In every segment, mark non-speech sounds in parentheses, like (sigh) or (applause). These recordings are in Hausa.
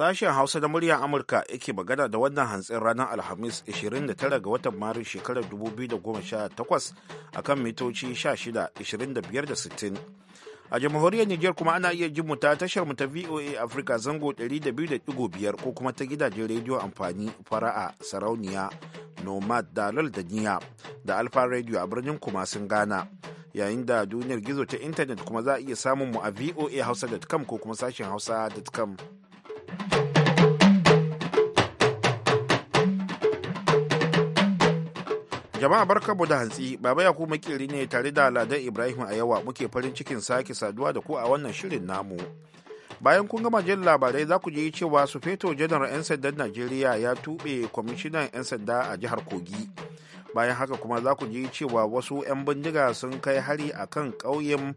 Sashen Hausa da muryar Amurka yake magana da wannan hantsin ranar Alhamis 29 ga watan Maris shekarar 2018 akan mitoci 16, 25 da 60. a jamhuriyar Nijar kuma ana iya jin mu ta tashar mu ta VOA Africa zango 200.5 ko kuma ta gidajen rediyo amfani fara'a sarauniya nomad dalal da niya da alfa radio a birnin kuma sun gana yayin da duniyar gizo ta intanet kuma za a iya samun mu a voa hausa.com ko kuma sashen hausa.com jama'a barkamu da hantsi baba ya kuma ne tare da ladan ibrahim a yawa muke farin cikin sake saduwa da ku a wannan shirin namu bayan kun gama jin labarai za ku je cewa su feto janar 'yan sandan najeriya ya tuɓe kwamishinan 'yan sanda a jihar kogi bayan haka kuma za ku yi cewa wasu 'yan bindiga sun kai hari a kan ƙauyen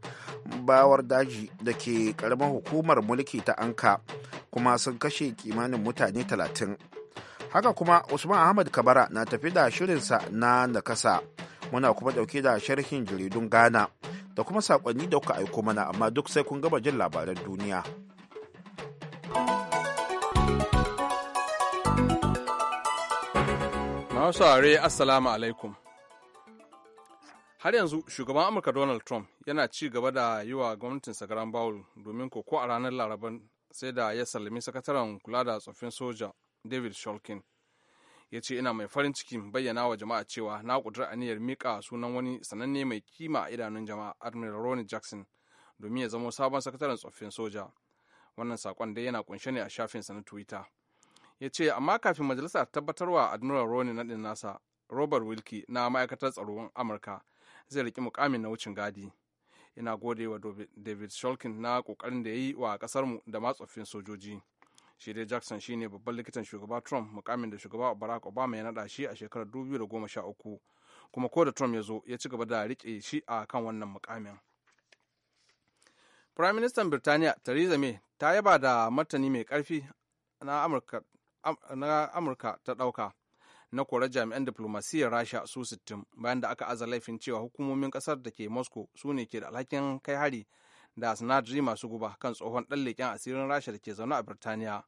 bawar daji da ke ƙaramar hukumar mulki ta anka kuma sun kashe kimanin mutane talatin haka kuma usman ahmad kabara na tafi da shirinsa na nakasa muna kuma dauke da sharhin jaridun ghana da kuma sakonni da kuka aiko mana amma duk sai kun gama jin labaran duniya masu assalamu alaikum har yanzu shugaban amurka donald trump yana ci gaba da yi wa gwamnatinsa sagaran bawul domin koko a ranar laraban sai da ya sallami sakataren kula da tsoffin soja david shulkin ya ce ina mai farin ciki bayyana wa jama'a cewa na kudura aniyar mika sunan wani sananne mai kima a idanun jama'a admiral ronnie jackson domin ya zamo sabon sakataren tsoffin soja wannan sakon dai yana kunshe ne a shafinsa na twitter ya ce amma kafin majalisa ta tabbatarwa admiral ronnie naɗin nasa robert wilkie na ma'aikatar tsaron amurka zai riƙi mukamin na wucin gadi ina gode wa david shulkin na kokarin da ya yi wa kasarmu da matsoffin sojoji shi dai jackson ne babban likitan shugaba trump mukamin da shugaba barack obama ya nada shi a shekarar 2013 kuma ko da trump ya zo ya ci gaba da rike shi a kan wannan mukamin prime minister birtaniya theresa may ta yaba da martani mai karfi na amurka ta dauka na kora jami'an diplomasiyyar rasha su 60 bayan da aka aza laifin cewa hukumomin kasar da ke moscow su ne ke da alhakin kai hari da sinadari masu guba kan tsohon ɗan leƙen asirin rasha da ke zaune a birtaniya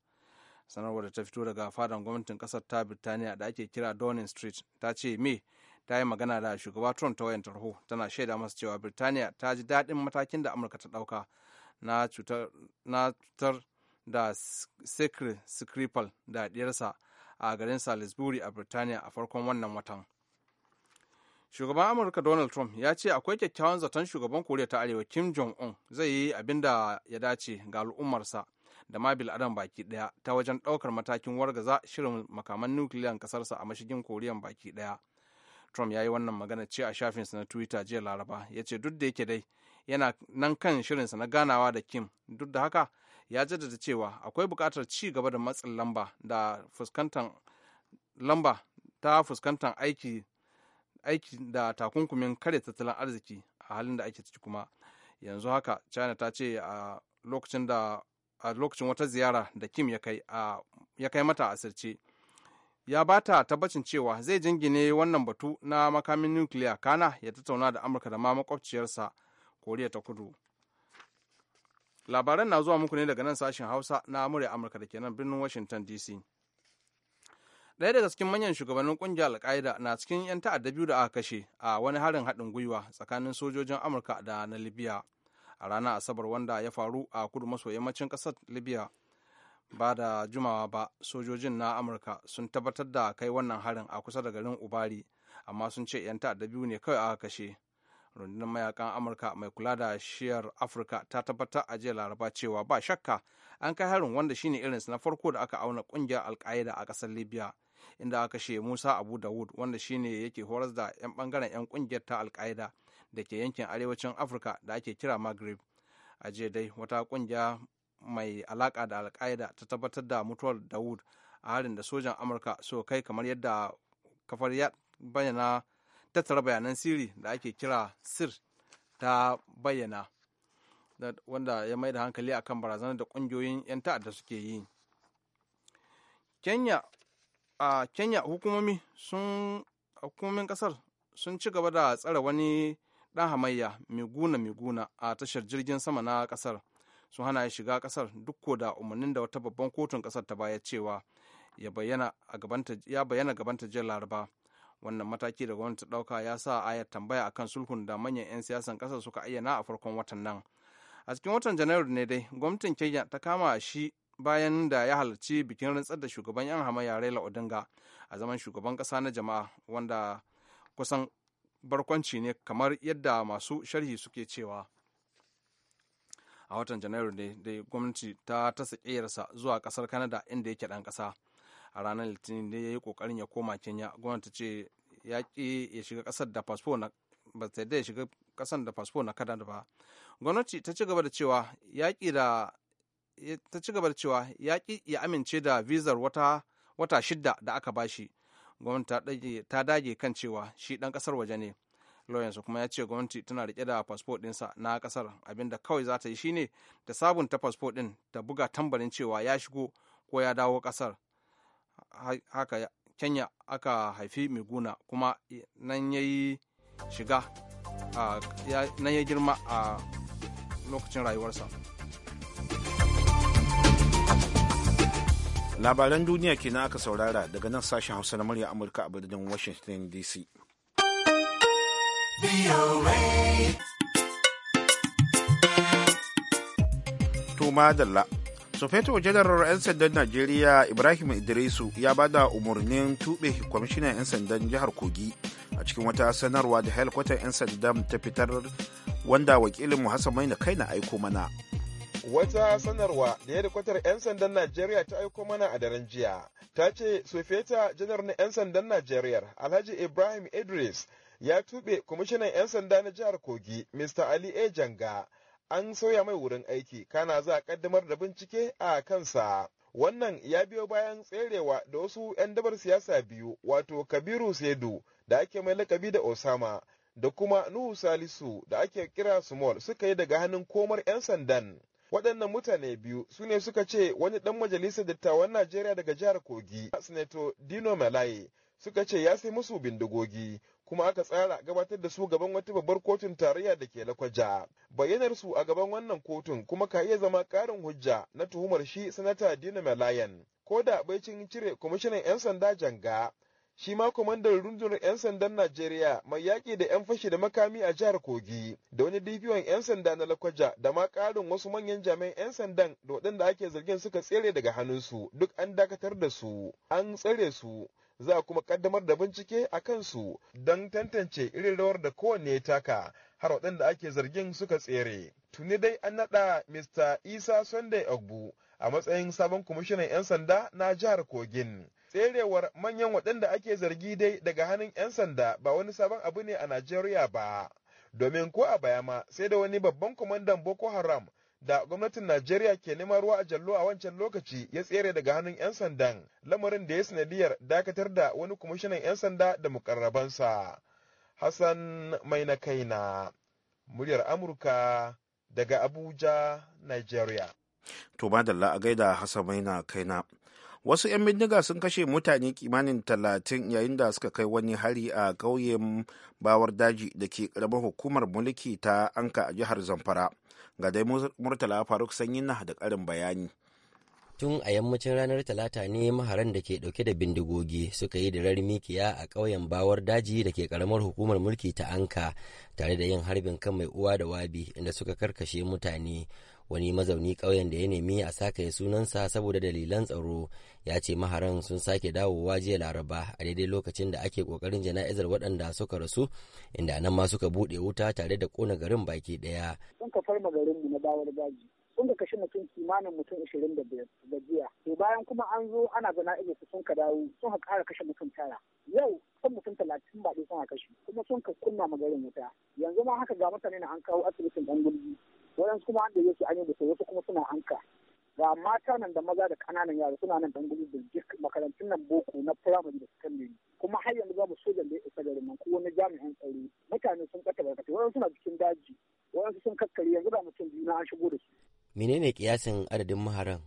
sanarwar da ta fito daga fadan gwamnatin kasar ta birtaniya da ake kira downing street ta ce me ta yi magana da shugaba trump ta wayan tarho tana shaida masa cewa birtaniya ta ji daɗin matakin da amurka ta ɗauka na cutar da sikri skripal da ɗiyarsa a garin salisbury a birtaniya a farkon wannan watan shugaban amurka donald trump ya ce akwai kyakkyawan zaton shugaban koriya ta arewa kim jong-un zai yi abin da ya dace ga al'ummarsa da ma bil'adam baki daya ta wajen daukar matakin wargaza shirin makaman nukiliyan kasarsa a mashigin koriya baki daya trump ya yi wannan magana ce a shafinsa na twitter jiya laraba ya ce duk da yake dai yana nan kan shirinsa na ganawa da kim duk da haka ya jaddada cewa akwai bukatar ci gaba da matsin lamba da fuskantar lamba ta fuskantar aiki aiki da takunkumin kare tattalin arziki a halin da ake ciki kuma yanzu haka china ta ce a lokacin da a lokacin wata ziyara da kim ya kai ya kai mata asirce ya ba ta tabbacin cewa zai jingine wannan batu na makamin nukiliya kana ya tattauna da amurka da ma makwabciyarsa koriya ta kudu labaran na zuwa muku ne daga nan sashen hausa na amurya amurka da ke birnin washington dc daya daga cikin manyan shugabannin kungiyar alkaida na cikin 'yan ta'adda biyu da aka kashe a wani harin haɗin gwiwa tsakanin sojojin amurka da na libya a ranar asabar wanda ya faru a kudu maso yammacin kasar libya ba da jimawa ba sojojin na amurka sun tabbatar da kai wannan harin a kusa da garin ubari amma sun ce 'yan ta'adda biyu ne kawai aka kashe rundunar mayakan amurka mai kula da shiyar afirka ta tabbatar a jiya laraba cewa ba shakka an kai harin wanda shine irinsa na farko da aka auna kungiyar alka'ida a kasar libya inda aka kashe musa abu dawud wanda shine yake horas da 'yan bangaren 'yan kungiyar ta alka'ida da ke yankin arewacin afirka da ake kira maghrib a jiya dai wata kungiya mai alaka da alka'ida ta tabbatar da mutuwar dawud a harin da sojan amurka so kai kamar yadda kafar bayyana tattara bayanan sirri da ake kira sir ta bayyana wanda ya mai da hankali akan barazanar da kungiyoyin 'yan ta'adda suke yi kenya a kenya hukumomin kasar sun ci gaba da tsare wani ɗan hamayya miguna miguna a tashar jirgin sama na kasar sun hana ya shiga kasar duk da umarnin da wata babban kotun kasar ta bayar cewa ya bayyana gabanta jiya laraba wannan mataki da gwamnati dauka ɗauka ya sa ayar tambaya akan sulhun da manyan 'yan siyasan kasa suka ayyana a farkon watan nan a cikin watan janairu ne dai gwamnatin kenya ta kama shi bayan da ya halarci bikin rantsar da shugaban 'yan hamayya raila odinga a zaman shugaban kasa na jama'a wanda kusan barkwanci ne kamar yadda masu sharhi suke cewa a watan janairu ne dai gwamnati ta tasa ƙiyarsa zuwa ƙasar kanada inda yake ɗan ƙasa a ranar litinin da ya yi kokarin ya koma kenya gwamnati ce ya ki ya shiga kasar da fasfo na ba ta yadda ya shiga kasar da fasfo na ba gwamnati ta ci gaba da cewa ya ki da ta ci gaba da cewa ya ki ya amince da vizar wata wata shidda da aka bashi gwamnati ta dage kan cewa shi dan kasar waje ne lauyansa kuma ya ce gwamnati tana rike da fasfo ɗinsa na ƙasar abinda kawai za ta yi shine da sabunta fasfo ɗin ta buga tambarin cewa ya shigo ko ya dawo ƙasar haka kenya aka haifi miguna kuma nan ya yi shiga nan ya girma a lokacin rayuwarsa labaran duniya kenan aka saurara daga nan sashen hausa na murya amurka a birnin washington dc to madalla sofeto janar 'yan sandan najeriya ibrahim idrisu ya bada umarnin tube kwamishinan 'yan sandan jihar kogi a cikin wata sanarwa da helikwatar 'yan sandan ta fitar wanda wakilin mu hassan maina kai na aiko mana wata sanarwa da helikwatar 'yan sandan najeriya ta aiko mana a daren jiya ta ce sofeta janar na 'yan sandan najeriya alhaji ibrahim idris ya tube kwamishinan 'yan sanda na jihar kogi mr ali e janga an sauya mai wurin aiki kana za a kaddamar da bincike a kansa wannan ya biyo bayan tserewa da wasu 'yan dabar siyasa biyu wato kabiru saidu da ake mai lakabi da osama da kuma nuhu salisu da ake kira small suka yi daga hannun komar 'yan sandan waɗannan mutane biyu su ne suka ce wani ɗan majalisar dattawan najeriya daga jihar kogi sanato dino malaye suka ce ya sai musu bindigogi kuma aka tsara gabatar da su gaban wata babbar kotun tarayya da ke lakwaja bayyanar su a gaban wannan kotun kuma ka iya zama karin hujja na tuhumar shi sanata dina malayan ko da baicin cire kwamishinan 'yan sanda janga shi ma kwamandan rundunar 'yan sandan Najeriya mai yaƙi da 'yan fashi da makami a jihar Kogi da wani dibiyon 'yan sanda na Lakwaja da ma ƙarin wasu manyan jami'an 'yan sandan da waɗanda ake zargin suka tsere daga hannunsu duk an dakatar da su an tsare su za a kuma kaddamar da bincike a kansu don tantance irin rawar da kowanne ya taka har waɗanda ake zargin suka tsere. Tuni dai an naɗa Mista Isa Sunday Ogbu a matsayin sabon kwamishinan 'yan sanda na jihar Kogin. Tserewar manyan waɗanda ake zargi dai daga hannun 'yan sanda ba wani sabon abu ne a Najeriya ba. Domin ko a bayama sai da wani babban kwamandan Boko Haram da gwamnatin Najeriya ke neman ruwa a jallo a wancan lokaci ya tsere daga hannun 'yan sandan lamarin da ya sanadiyar dakatar da wani kwamishinan 'yan sanda da mukarrabansa. Hassan mai kaina, muryar Amurka daga Abuja, Nigeria. To da a gaida Hassan mai kaina. Wasu 'yan bindiga sun kashe mutane kimanin talatin yayin da suka kai wani hari a ƙauyen bawar daji da ke ƙaramar hukumar mulki ta anka a jihar Zamfara. ga dai murtala faruk sanyin na da karin bayani tun a yammacin ranar talata ne maharan da ke dauke da bindigogi suka yi dirar mikiya a ƙauyen bawar daji da ke karamar hukumar mulki ta anka tare da yin harbin kan mai uwa da wabi inda suka karkashe mutane wani mazauni ƙauyen da ya nemi a sake sunansa saboda dalilan tsaro ya ce maharan sun sake dawowa jiya laraba a daidai lokacin da ake ƙoƙarin jana'izar waɗanda suka rasu inda nan ma suka buɗe wuta tare da ƙona garin baki ɗaya. sun ka farma garinmu na bawar daji sun ka kashe mutum kimanin mutum ashirin da biyar da jiya to bayan kuma an zo ana jana'izar su sun ka dawo sun ka ƙara kashe mutum tara yau kan mutum talatin ba ɗaya sun ka kashe kuma sun ka kunna garin wuta yanzu ma haka ga mutane na an kawo asibitin ɗan gulbi waɗansu kuma an ɗaya su an yi da wasu kuma suna anka ga mata nan da maza da kananan yara suna nan dan gudu duk makarantun nan boko na firamare da sakandare kuma har yanzu babu sojan da ya isa garin nan ko wani jami'an tsaro mutane sun ɓata barkatai waɗansu suna cikin daji waɗansu sun kakkare yanzu da mutum biyu an shigo da su. menene kiyasin adadin maharan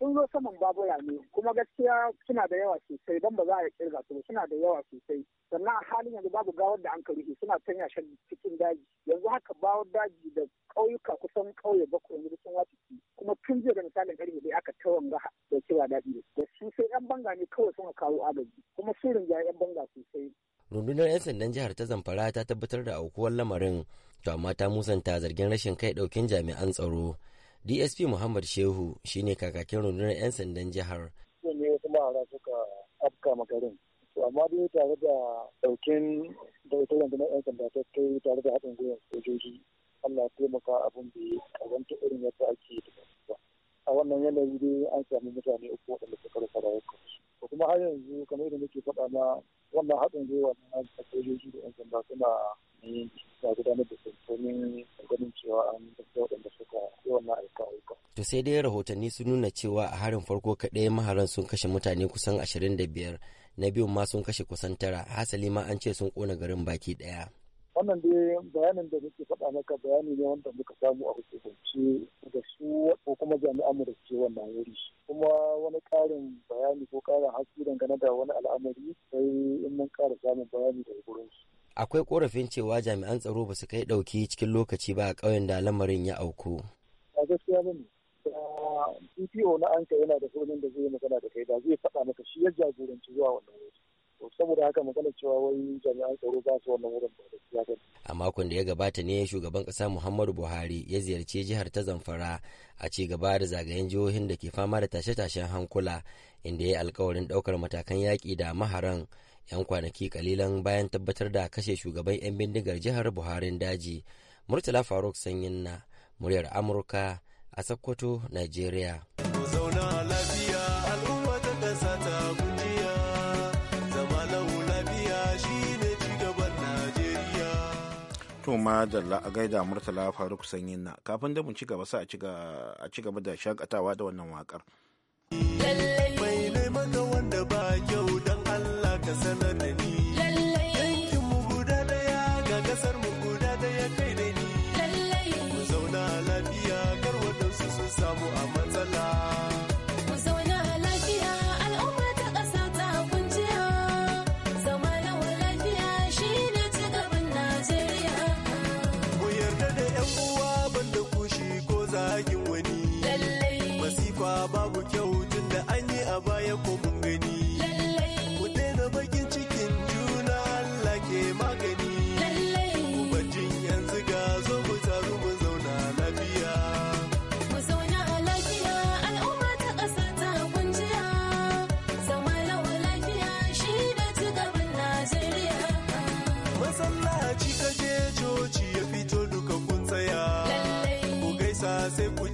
sun zo saman babura ne kuma gaskiya suna da yawa sosai don ba za a kirga su suna da yawa sosai sannan a halin yanzu babu gawar da an karuhe suna tanya shan cikin daji yanzu haka bawar daji da ƙauyuka kusan ƙauye bakwai yanzu sun wace kuma tun jiya da misalin karfe dai aka tawan ga da kira daɗi da su sai yan banga ne kawai suna kawo agaji kuma su rinja yan banga sosai. rundunar 'yan sandan jihar ta zamfara ta tabbatar da aukuwar lamarin to amma ta musanta zargin rashin kai ɗaukin jami'an tsaro dsp muhammad shehu shine kakakin rundunar 'yan sandan jihar ne kuma mahara suka afka makarin to amma dai tare da daukin da ita rundunar 'yan sanda ta kai tare da haɗin gwiwar sojoji allah taimaka abin da ya karanta irin yadda ake da ba a wannan yanayi dai an sami mutane uku waɗanda suka rasa rayukansu kuma har yanzu kamar yadda muke faɗa na wannan haɗin gwiwa na sojoji da 'yan sanda suna na gudanar da sansanin ganin cewa an tafiya waɗanda suka yi wannan aika aika. To sai dai rahotanni sun nuna cewa a harin farko kaɗai maharan sun kashe mutane kusan ashirin da biyar na biyun ma sun kashe kusan tara hasali ma an ce sun ƙona garin baki ɗaya. wannan dai bayanin da muke faɗa maka bayani ne wanda muka samu a hukumance da su ko kuma jami'an mu da ke wannan wuri kuma wani ƙarin bayani ko ƙarin haske dangane da wani al'amari sai in mun ƙara samun bayani daga gurin su. akwai korafin cewa jami'an tsaro ba su kai ɗauki cikin lokaci ba a ƙauyen da lamarin ya auku. a gaskiya ba ne na anka yana da hurumin da zai magana da kai da zai faɗa maka shi ya jagoranci zuwa wannan wuri saboda haka magana cewa wai jami'an tsaro ba su wannan wurin ba gaskiya ba a makon da ya gabata ne shugaban kasa Muhammadu Buhari ya ziyarci jihar ta Zamfara a ci gaba da zagayen jihohin da ke fama da tashe-tashen hankula inda ya yi alkawarin daukar matakan yaƙi da maharan 'yan kwanaki kalilan bayan tabbatar da kashe shugaban 'yan bindigar jihar Buharin daji Murtala Faruk Sanyin na muryar Amurka a Sokoto, nigeria. To madalla a gaida Murtala Faruk Sanyin na kafin da mu ci gaba sa a ci gaba da shakatawa da wannan wakar. Mai neman wanda ba kyau don Allah ka sanar da ni. Yankin mu guda daya ga kasar mu se fue.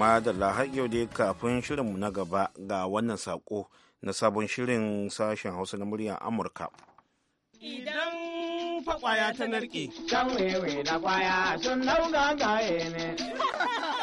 madalla har yau dai kafin shirinmu na gaba ga wannan saƙo na sabon shirin sashen hausa na muryar amurka idan fa ta narke can wewe na kwaya sun dauga ga ne (laughs)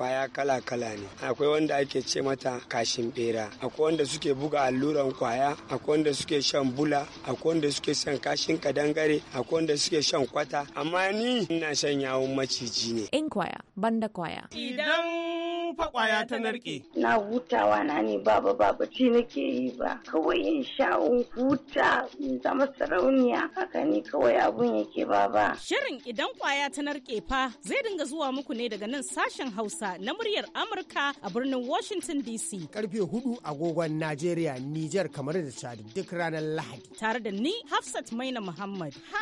kwaya kala-kala ne akwai wanda ake ce mata kashin bera akwai wanda suke buga alluran kwaya akwai wanda suke shan bula akwai wanda suke shan kashin kadangare akwai wanda suke shan kwata amma ni ina shan yawon maciji ne in kwaya banda kwaya idan tun fa kwaya ta narke. Na hutawa na ne baba baba ci nake yi ba. Kawai yin sha'un huta zama sarauniya haka ne kawai abun yake baba. Shirin idan kwaya ta narke fa zai dinga zuwa muku ne daga nan sashen Hausa na muryar Amurka a birnin Washington DC. Karfe hudu agogon Najeriya, Nijar kamar da Chad duk ranar Lahadi. Tare da ni Hafsat Maina Muhammad. (laughs)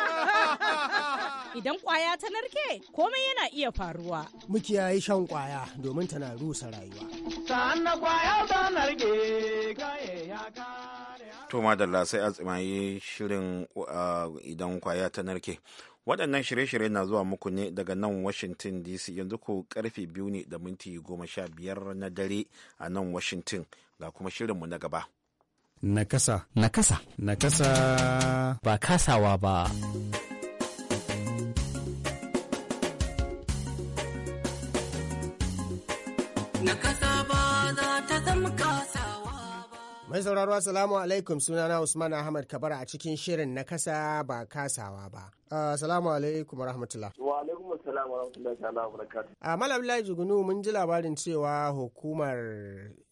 Idan kwaya ta narke komai yana iya faruwa. Mukiyayi shan kwaya domin tana rusa rayuwa. To madalla sai a tsimayi shirin idan kwaya ta narke. Waɗannan shirye-shirye na zuwa muku ne daga nan Washington DC yanzu ku karfe biyu ne da minti goma sha biyar na dare a nan Washington ga kuma shirinmu na gaba. Nakasa. Nakasa. Nakasa. Ba kasawa ba. na kasa ba za ta zama kasawa ba. Mai sauraro Assalamu alaikum sunana Usman Ahmad Kabara a cikin shirin na kasa ba kasawa ba. Ah, assalamu alaikum warahmatullah. Wa alaikum assalam warahmatullahi wabarakatuh. A ah, Malam Jugunu mun ji labarin cewa hukumar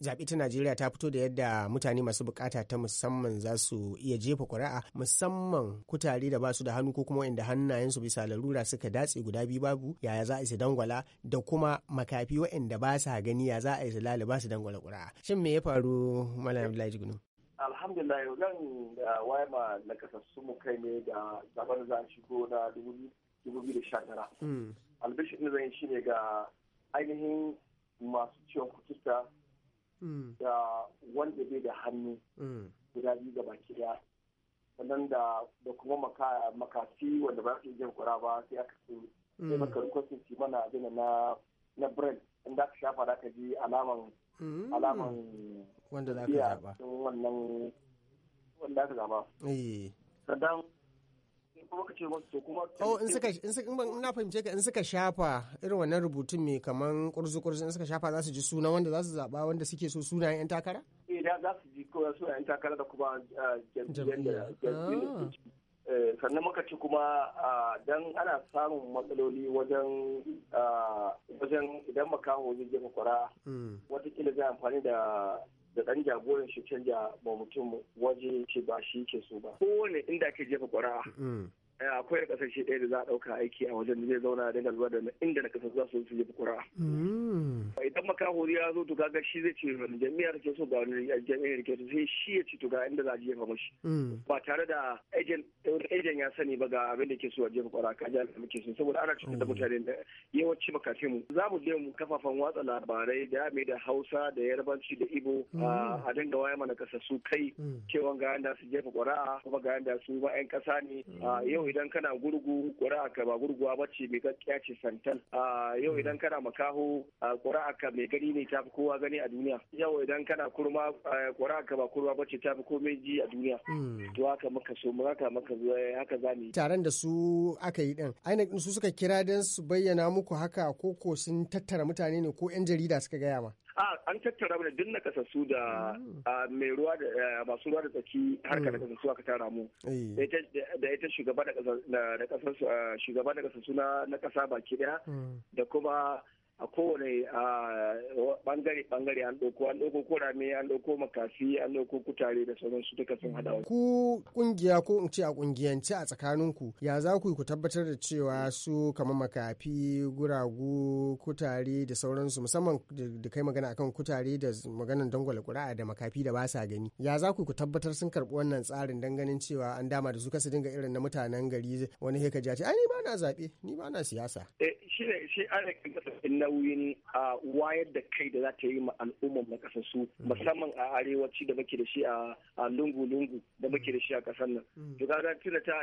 zaɓe ta Najeriya ta fito da yadda mutane masu bukata ta musamman za su iya jefa ƙuri'a musamman kutare da ba su da hannu ko kuma inda hannayensu bisa larura suka datse guda biyu babu yaya za a yi su dangwala da kuma makafi waɗanda ba sa gani ya za a yi su laliba su dangwala ƙuri'a. Shin me ya faru Malam Abdullahi Jugunu? alhamdulillah yau nan da wayama na kasassu mu kai ne da zaben za a shigo na 2019 albishin da hmm. zan shi ne ga ainihin masu ciwon kutusta hmm. da wanda bai da hannu hmm. guda biyu ga baki daya sannan da kuma makafi wanda ba su jin kura ba sai aka su sai maka rikosin mana na na brand inda aka shafa da aka ji alaman Mm. alaman wanda za ka zaɓa wannan wanda aka zaɓa eh. sannan Oh, in suka in na fahimce ka in suka shafa irin wannan rubutun mai kaman kurzu kurzu in suka shafa za su ji suna wanda za su zaɓa wanda suke so suna 'yan takara? Eh, za su ji suna 'yan takara da kuma ah, jam'iyyar da Eh, sannan muka ci kuma don ana samun matsaloli wajen wajen idan makaho zai jefa kwara hmm. watakila zai amfani da da dan jagoran shi canja ba mutum waje ce ba shi ke so ba kowane inda ake jefa kwara hmm. Eh, akwai kasashe ɗaya da za a ɗauka aiki a wajen zai zauna da galba da inda na kasar za su su yi kura. Mm. Idan makaho ya zo tuka ga shi zai ce wani jami'a da ke so ga wani jami'a da ke so sai shi ya ce tuka inda za a jefa mashi. Mm. Ba tare da ejen ya sani ba ga abin da ke so a jefa kura ka ji alamu ke so saboda ana cikin da oh. mutane da yawanci makafin mu. Za mu je mu kafafan watsa labarai da mai da Hausa da Yarbanci da Ibo mm. a dinga waya mana su kai cewa ga yanda su jefa kura kuma ga yanda su ba 'yan ƙasa ne yau yau idan kana gurgu ƙuri'a ka ba gurguwa ba ce mai gaskiya ce santan yau hmm. idan kana makaho ƙuri'a ka mai gani ne tafi kowa gani a duniya yau idan kana kurma ƙuri'a ka ba kurma ba ce tafi komai ji a duniya hmm. to haka muka so mu haka muka zo eh, haka za mu taron da su aka yi din ainihin su suka kira dan su bayyana muku haka ko ko sun tattara mutane ne ko yan jarida suka gaya ma an tattara mana duk kasassu da mm. mai ruwa da masu ruwa da tsaki harkar da mm. kasassu aka tara mu eh. da ita shugaba da kasassu na kasa baki daya mm. da kuma a kowane bangare bangare an doko an ɗauko kurame an doko makafi an doko kutare da sauransu duka sun hada ku kungiya ko in ce a kungiyance a tsakanin ku ya za ku ku tabbatar da cewa su kamar makafi guragu kutare da sauransu musamman da kai magana akan kutare da maganan dangwala kura'a da makafi da ba sa gani ya za ku ku tabbatar sun karɓi wannan tsarin dan ganin cewa an dama da su kasa dinga irin na mutanen gari wani heka ce ai ni ba na zaɓe ni ba na siyasa eh shi ne shi ana nauyin wayar da kai da za ta yi ma al'ummar na kasar su mm. musamman a arewaci da muke da shi a lungu-lungu da muke da shi a kasar nan. Mm. To ga tuna ta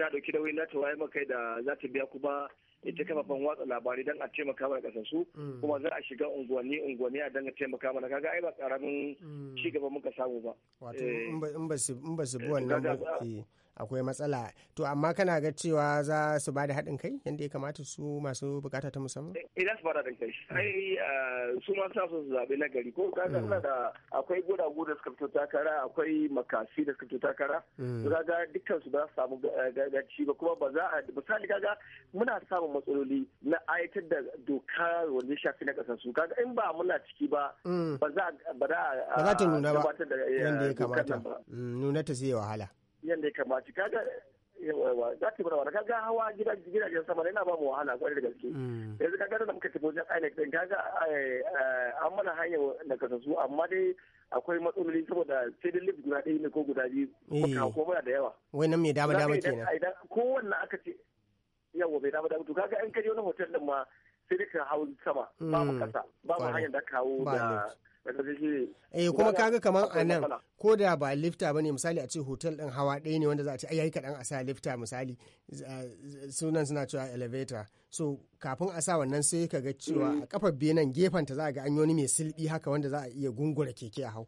dauki nauyin za ta wayar makai da za ta biya kuma ita mm. kafafen watsa labarai don a taimaka mana kasar su kuma za a shiga unguwanni unguwanni a danga taimaka mana kaga ai ba karamin ci muka samu ba wato in ba su bi eh, wannan ba akwai matsala to amma kana ga cewa za su ba da haɗin kai yadda ya kamata su masu bukata ta musamman idan eh, su ba da haɗin kai sai su ma sa su zaɓe na gari ko ka mm. suna da akwai guragu da suka fito takara akwai makasi da suka fito takara to mm. kaga dukkan su ba za su samu gaci ba kuma ba za a misali kaga muna samun matsaloli na ayatar da doka wanda shafi na ƙasar su kaga in ba muna ciki ba mm. ba za a ba za ta nuna ba yadda eh, ya kamata nuna ta sai wahala yadda ya kamaci kaga za ta bada wani kaga hawa gidajen sama yana ba mu wahala kwarai da gaske mm. yanzu kaga da muka tafi wajen INEC din kaga eh, eh, an mana hanyar da su amma dai akwai matsaloli saboda sai dai lift guda ɗaya ne ko guda biyu eh. ko kuma da yawa wai nan mai dama dama kenan kowanne aka ce yawa mai dama dama to kaga an kaje wani hotel din ma sai dai ka hau sama babu kasa mm. babu hanyar da ka hau da eh kuma kaga kamar a nan ko da ba lifta bane misali a ce hotel din hawa ɗaya ne wanda za a ce ayyuka kaɗan a sa lifta misali sunan suna cewa elevator so kafin a sa wannan sai ka ga cewa mm. a kafar benin gefen ta za a ga an wani mai silbi haka wanda za a iya gungura keke a hau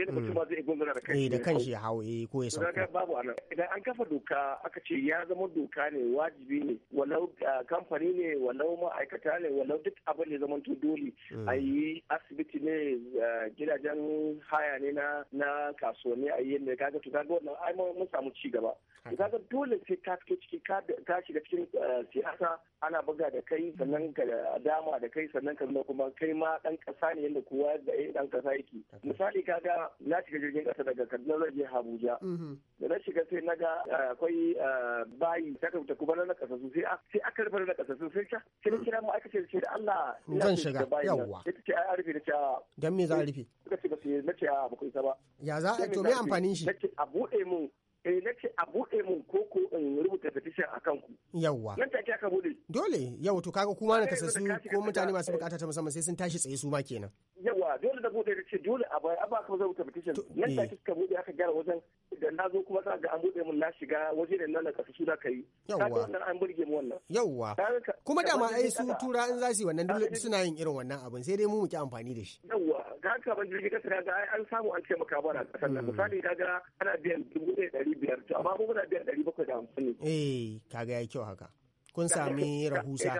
yadda mutum mm. ba zai gungura da eh, kanshi da kanshi ya hawo eh ko ya sauko kaga babu anan idan an kafa doka aka ce ya zama doka ne wajibi ne walau ah, kamfani ne walau ma'aikata ne walau duk abin da zaman to dole mm. a yi asibiti ne ah, gidajen haya ne na na kasuwanni a yi yadda kaga to kaga wannan ai mun samu ci gaba kaga dole sai ka fito ciki ka shiga cikin ah, siyasa ana buga da kai sannan ka dama da kai sannan ka kuma kai ma dan kasa ne yadda kowa da dan eh, kasa yake misali kaga na shiga jirgin ƙasa daga Kaduna zan je Abuja. Mm-hmm. Da na shiga sai na ga eh, akwai eh, bayi ta kafuta kuma na ƙasa su sai sai aka rufe na ƙasa su sai ta sai kira mu aka ce da Allah zan shiga yawwa. Ita ce a rufe da cewa. Ah. Dan me za a rufe? Suka ce ba na ce a bakwai ku ba. Ya za a to me amfanin shi? Na ce a buɗe mu eh na ce a buɗe mun koko in rubuta petition a kan ku. Yawwa. Nan take aka buɗe. Dole yawwa to kaga kuma na kasasu ko mutane masu eh. bukata ta musamman sai sun tashi tsaye su ma kenan. Yawwa dole da buɗe ta ce dole a baya ba ka rubuta petition nan eh. take ka buɗe aka gyara wajen da na zo kuma sa ga an buɗe mun na shiga waje da nan kasu su da ka yi yawwa an burge mu wannan yawwa kuma dama ai su tura in za su wannan dole suna yin irin wannan abin sai dai mu muke amfani da shi yawwa ga haka ban jirgi kasa kaga an samu an taimaka mana a kasar nan misali ga ana biyan dubu ɗari biyar to amma mu muna biyan ɗari bakwai da hamsin ne eh kaga ya kyau haka kun sami rahusa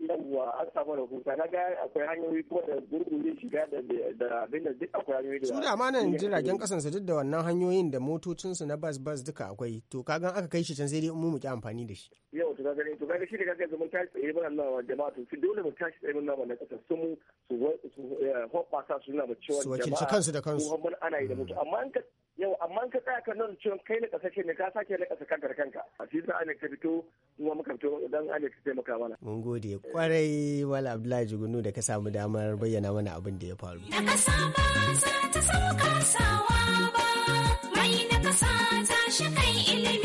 yawwa an samu rahusa na ga akwai hanyoyi kuma da gurgu zai shiga da abin da duk akwai hanyoyi da su da amanan jiragen kasan su duk da wannan hanyoyin da motocinsu na bas bas duka akwai to kagan aka kai shi can sai dai mu mu ki amfani da shi yau to gani to kaga shi da kaga zaman tashi tsaye mun Allah wa jama'a to dole mu tashi tsaye mun Allah na kasa su mu su eh, hoɓɓasa suna nuna ciwon jama'a kansu da kansu muhammadu ana yi da mutu mm. amma an ka yau amma an ka tsaya ka nan ciwon kai na ƙasashe ne ka sake na kasa kanka da kanka a cikin sa ka fito kuma muka fito dan ana ka taimaka mana mun gode kwarai wala abdullahi jugunu da ka samu damar bayyana mana abin da ya faru na kasa ba za ta sauka sawa ba mai na kasa ta shi kai ilimi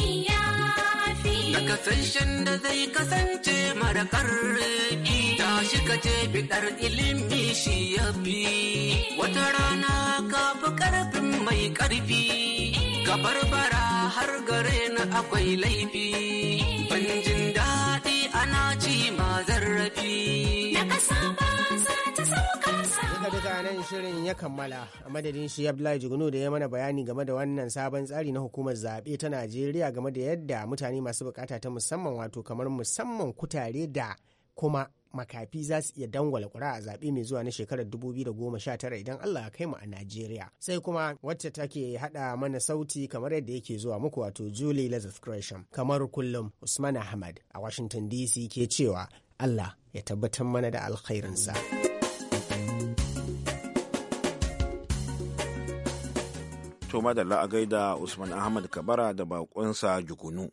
kasashen da zai kasance mara karfi tashi ka ce fitar ilimi shi ya fi wata rana ka fi karfin mai karfi ka barbara har gare na akwai laifi ban jin daɗi ana ci ma zarrafi na kasa ba za ta duka nan shirin ya kammala a madadin shi abdullahi jigunu da ya mana bayani game da wannan sabon tsari na hukumar zaɓe ta najeriya game da yadda mutane masu bukata ta musamman wato kamar musamman kutare da kuma makafi za su iya dangwala kura a zaɓe mai zuwa na shekarar 2019 idan Allah ya kai mu a Najeriya. Sai kuma wacce take haɗa mana sauti kamar yadda yake zuwa muku wato Julie Lazarus Gresham. Kamar kullum Usman Ahmad a Washington DC ke cewa Allah ya tabbatar mana da alkhairinsa. to madalla a gaida usman ahmad kabara da bakonsa jukunu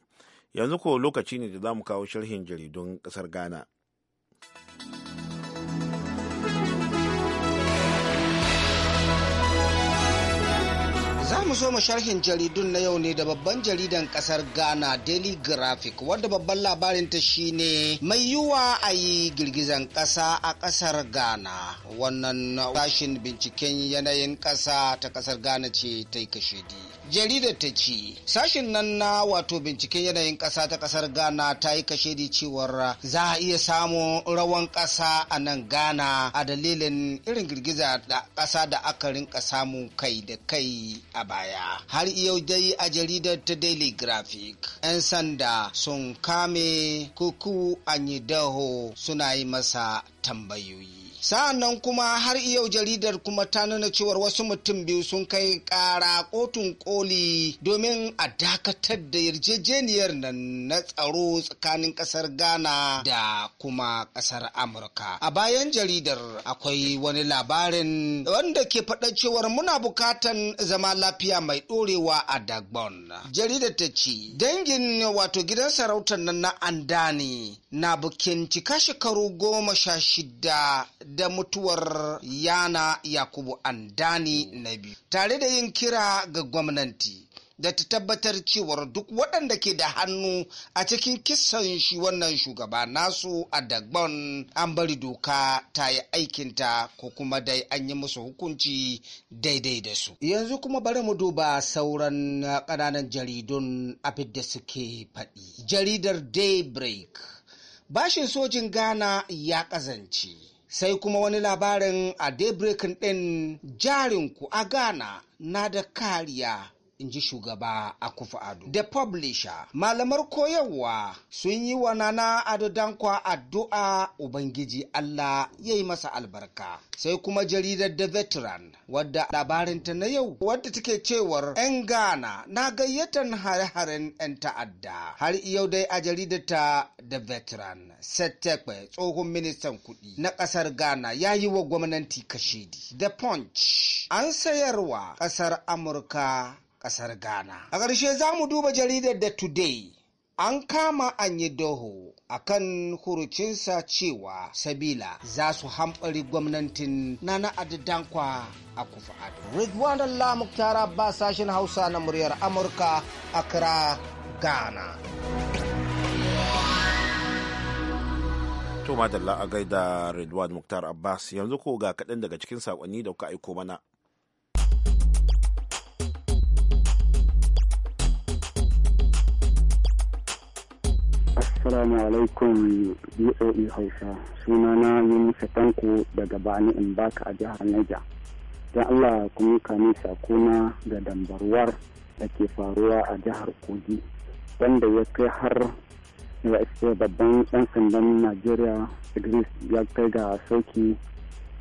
yanzu ko lokaci ne da za mu kawo sharhin jaridun kasar ghana Za mu so mu sharhin jaridun na yau ne da babban jaridan kasar Ghana Daily Graphic wadda babban labarinta ta shine mai yiwuwa a yi girgizan ƙasa a ƙasar Ghana. Wannan rashin binciken yanayin ƙasa ta ƙasar Ghana ce ta yi kashedi. jaridar ta ce sashin nan na wato binciken yanayin ƙasa ta ƙasar ghana ta yi kashedi cewar za a iya samun rawan ƙasa a nan ghana a dalilin irin girgiza da ƙasa da aka rinka samun kai da kai a baya har yau dai a jaridar ta daily graphic 'yan sanda sun kame kuku a suna yi masa tambayoyi sa'an nan kuma har yau jaridar kuma ta nuna cewar wasu mutum biyu sun kai kara kotun koli domin a dakatar da yarjejeniyar nan na tsaro tsakanin kasar ghana da kuma kasar amurka a bayan jaridar akwai wani labarin wanda ke faɗa cewar muna bukatan zama lafiya mai ɗorewa a dagbon jaridar ta ce dangin wato gidan sarautar nan na andani na bukin cika shekaru goma sha shida da mutuwar yana yakubu andani na biyu tare da yin kira ga gwamnati da ta tabbatar cewar duk waɗanda ke da hannu a cikin kisan shi wannan shugaba nasu a dagban an bari doka ta yi aikinta ko kuma dai an yi musu hukunci daidai da su yanzu kuma bari mu duba sauran ƙananan jaridun abin da suke faɗi jaridar daybreak bashin sojin ghana ya ƙazance sai kuma wani labarin a daybreak din jarinku a ghana na da kariya in ji shugaba a ado the publisher malamar koyarwa sun yi wa nana ado dankwa addu'a ubangiji allah ya yi masa albarka sai kuma jaridar the veteran wadda labarinta na yau wadda take cewar 'yan ghana na gayyatan hare-haren 'yan ta'adda har yau dai a jaridar ta the veteran setekwe tsohon ministan kuɗi na ƙasar ghana ya yi wa gwamnati kashidi. the punch an sayarwa ƙasar amurka ƙasar Ghana. A ƙarshe za mu duba jaridar da Today. An kama an yi Doho a kan hurucinsa cewa Sabila za su hamɓari gwamnatin Nana adadankwa a kufa ado. Ridwan Allah Muktara ba sashen Hausa na muryar Amurka, a kira Ghana. To madalla a gaida Ridwan Muktar Abbas yanzu ko ga kaɗan daga cikin saƙonni da kuka aiko mana. Assalamu alaikum BOE Hausa. Sunana Yunusa Tanko daga Bani in baka a jihar Niger. Don Allah kuma kame sakona ga dambarwar da ke faruwa a jihar Kogi wanda ya kai har ya iske babban ɗan sandan Najeriya Idris ya kai ga sauki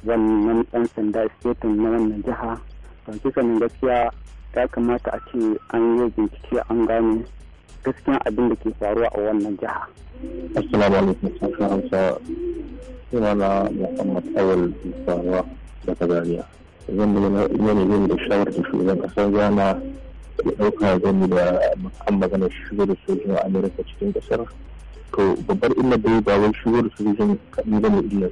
wannan ɗan sanda istetin na wannan jiha. ba kisa gaskiya ta kamata a ce an yi bincike an gane gaskiyan abin da ke faruwa a wannan jiha. Assalamu alaikum sashen Hausa sunana Muhammad Awal Faruwa daga Zaria. Zan da yin da shawar da shugaban kasar Ghana ya ɗauka gani da an magana shigo da sojin Amurka cikin kasar. To babbar illa da ba wai shigo da sojin kaɗan gane illar.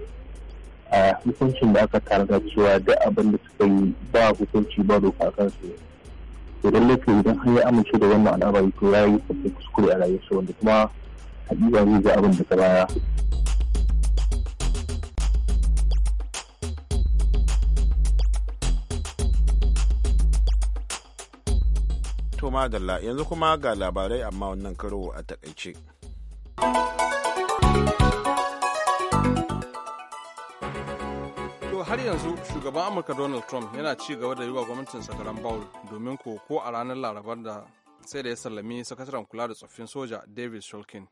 A hukuncin da aka targa cewa da abin da suka yi ba hukunci ba doka kansu. to lallai idan an ya amince da wannan al'amari to ya yi kuskure a rayuwarsa wanda kuma hakika ne ga abin da ta baya. To yanzu kuma ga labarai amma wannan karo a takaice. har yanzu shugaban amurka donald trump yana ci gaba da yi wa gwamnatinsa karan baul domin ko ko a ranar larabar da sai da ya sallami sakataren kula da tsoffin soja david shulkin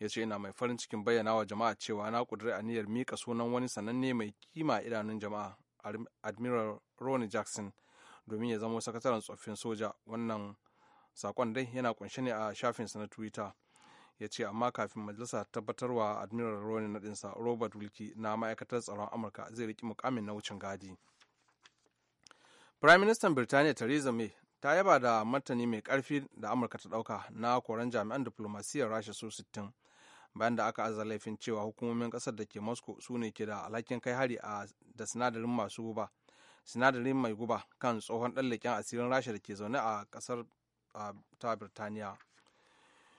ya ce ina mai farin cikin bayyana wa jama'a cewa na ƙudiri aniyar mika sunan wani sananne mai kima idanun jama'a admiral ronnie jackson domin ya zama sakataren tsoffin soja wannan sakon dai yana ƙunshe ne a shafinsa na twitter ya ce amma kafin majalisa tabbatarwa admiral ronin dinsa robert wilkie na ma'aikatar tsaron amurka zai riki mukamin na wucin gadi prime minister birtaniya theresa may ta yaba da martani mai karfi da amurka ta dauka na koran jami'an diplomasiyyar rasha su 60 bayan da aka aza laifin cewa hukumomin kasar da ke moscow su ne ke da alhakin kai hari a da sinadarin masu guba sinadarin mai guba kan tsohon dalekin asirin rasha da ke zaune a kasar ta birtaniya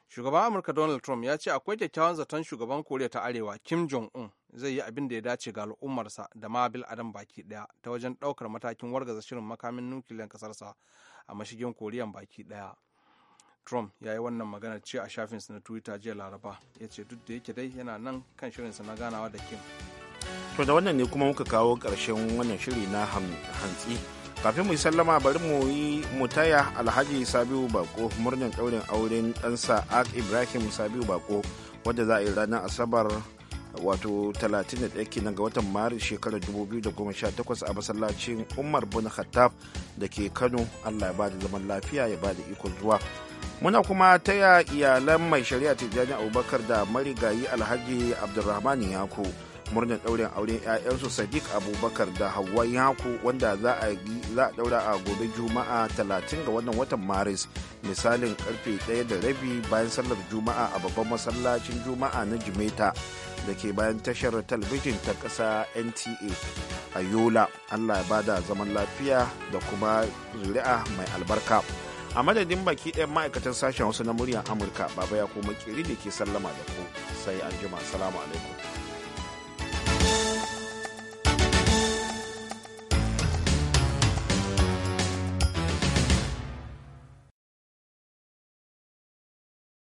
shugaban amurka donald trump ya ce akwai kyakkyawan zaton shugaban koriya ta arewa kim jong-un zai yi abin da ya dace ga al'ummarsa da ma bil adam baki daya ta wajen daukar matakin wargaza shirin makamin nukiliyan kasarsa a mashigin koriyan baki daya trump ya yi wannan maganar ce a shafinsa na twitter jiya laraba ya ce duk da yake dai yana nan kan shirinsa na ganawa da kim to da wannan ne kuma muka kawo ƙarshen wannan shiri na hantsi kafin mu yi sallama bari mu yi mutaya alhaji sabiu bako murnar ɗaurin auren ɗansa ak ibrahim sabiu bako wadda za a yi ranar asabar wato 31 kinan ga watan maris shekarar 2018 a masallacin umar bin khattab da ke kano allah ya ba da zaman lafiya ya ba ikon zuwa muna kuma taya iyalan mai shari'a tijjani abubakar da marigayi alhaji abdulrahman yako murnar ɗaurin auren 'ya'yansu sadiq abubakar da hawa yaku wanda za a ɗaura a gobe juma'a 30 ga wannan watan maris misalin karfe 1 da rabi bayan sallar juma'a a babban masallacin juma'a na jimeta da ke bayan tashar talabijin ta ƙasa nta a yola allah ya bada zaman lafiya da kuma zuri'a mai albarka a madadin baki ɗayan ma'aikatan sashen wasu na muryar amurka baba ya koma kiri da ke sallama da ku sai an jima salamu alaikum